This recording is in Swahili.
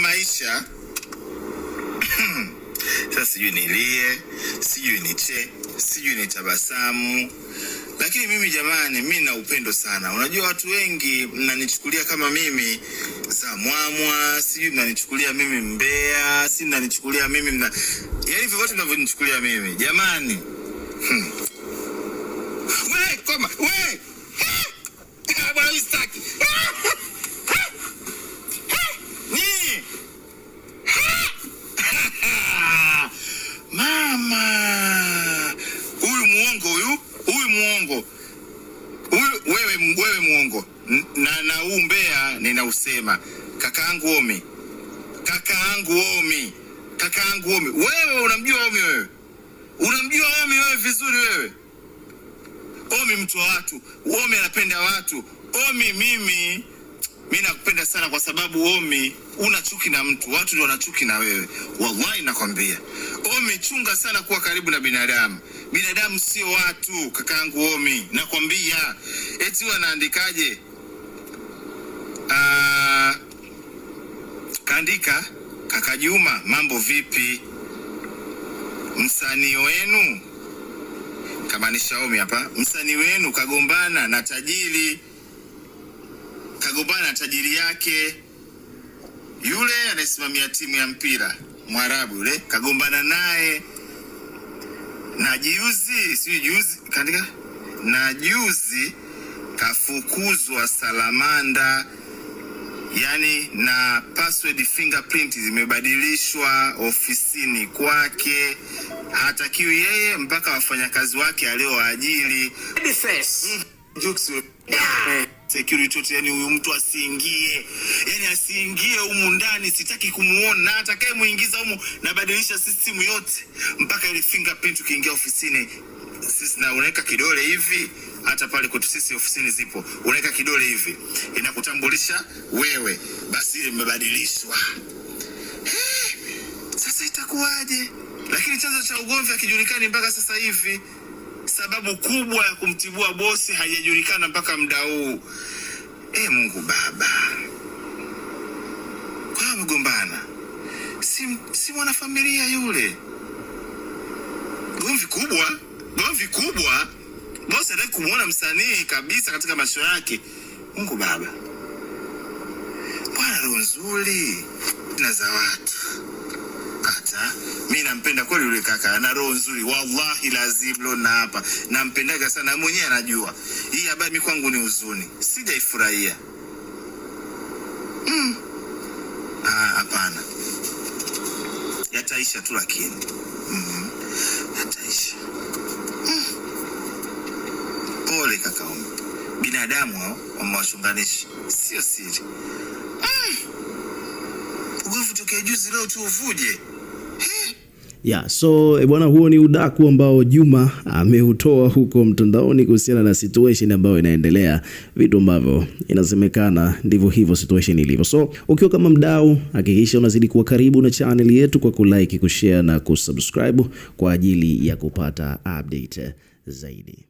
maisha sasa sijui nilie, sijui niche, sijui tabasamu lakini mimi jamani, mi na upendo sana. Unajua watu wengi mnanichukulia kama mimi zamwamwa, sijui mnanichukulia mimi mbea, si mnanichukulia mimi mna... yaani vyovyote mnavyonichukulia mimi jamani, hmm. we, koma, we. mwongo huyu, wewe, wewe mwongo na na huu mbea ninausema, kakaangu Omi, kakaangu Omi, kakaangu Omi. Wewe unamjua Omi, wewe unamjua Omi wewe vizuri wewe. Omi mtu wa watu, Omi anapenda watu. Omi mimi mi nakupenda sana kwa sababu Omi una chuki na mtu, watu ndio wanachuki na wewe. Wallahi nakwambia Omi, chunga sana kuwa karibu na binadamu. Binadamu sio watu, kakaangu Omi, nakwambia. Eti wanaandikaje? Uh, ah, kaandika kaka Juma, mambo vipi? Msanii wenu kamaanisha Omi hapa, msanii wenu kagombana na tajiri, kagombana na tajiri yake yule anayesimamia timu ya mpira Mwarabu yule, kagombana naye na juzi si juzi kaandika na juzi kafukuzwa Salamanda, yani na password fingerprint zimebadilishwa ofisini kwake, hatakiwi yeye mpaka wafanyakazi wake aliowaajili security, yani huyu mtu asiingie, yani asiingie humu ndani, sitaki kumuona. Atakaye muingiza humu, nabadilisha system yote mpaka ile fingerprint. Ukiingia ofisini sisi na unaweka kidole hivi, hata pale kwetu sisi ofisini zipo, unaweka kidole hivi inakutambulisha wewe, basi imebadilishwa. Eh, sasa itakuwaje? Lakini chanzo cha ugomvi hakijulikani mpaka sasa hivi sababu kubwa ya kumtibua bosi haijajulikana mpaka muda huu. E Mungu Baba, kwa mgombana si, si mwanafamilia yule. Gomvi kubwa, gomvi kubwa. Bosi hataki kumwona msanii kabisa katika macho yake. Mungu Baba, Bwana roho nzuri na za watu hata mi nampenda kweli yule kaka, ana roho nzuri, wallahi lazim na hapa nampendaga sana, mwenyewe anajua hii habari. Mi kwangu ni huzuni, sijaifurahia mm. Hapana, yataisha tu lakini mm. yataisha mm. Pole kaka, binadamu hao wamewachunganishi, sio siri mm. Ugovu tokea juzi, leo tu uvuje. Yeah, so eh, bwana, huo ni udaku ambao Juma ameutoa huko mtandaoni kuhusiana na situation ambayo inaendelea, vitu ambavyo inasemekana ndivyo hivyo situation ilivyo. So ukiwa kama mdau, hakikisha unazidi kuwa karibu na channel yetu kwa kulike, kushare na kusubscribe kwa ajili ya kupata update zaidi.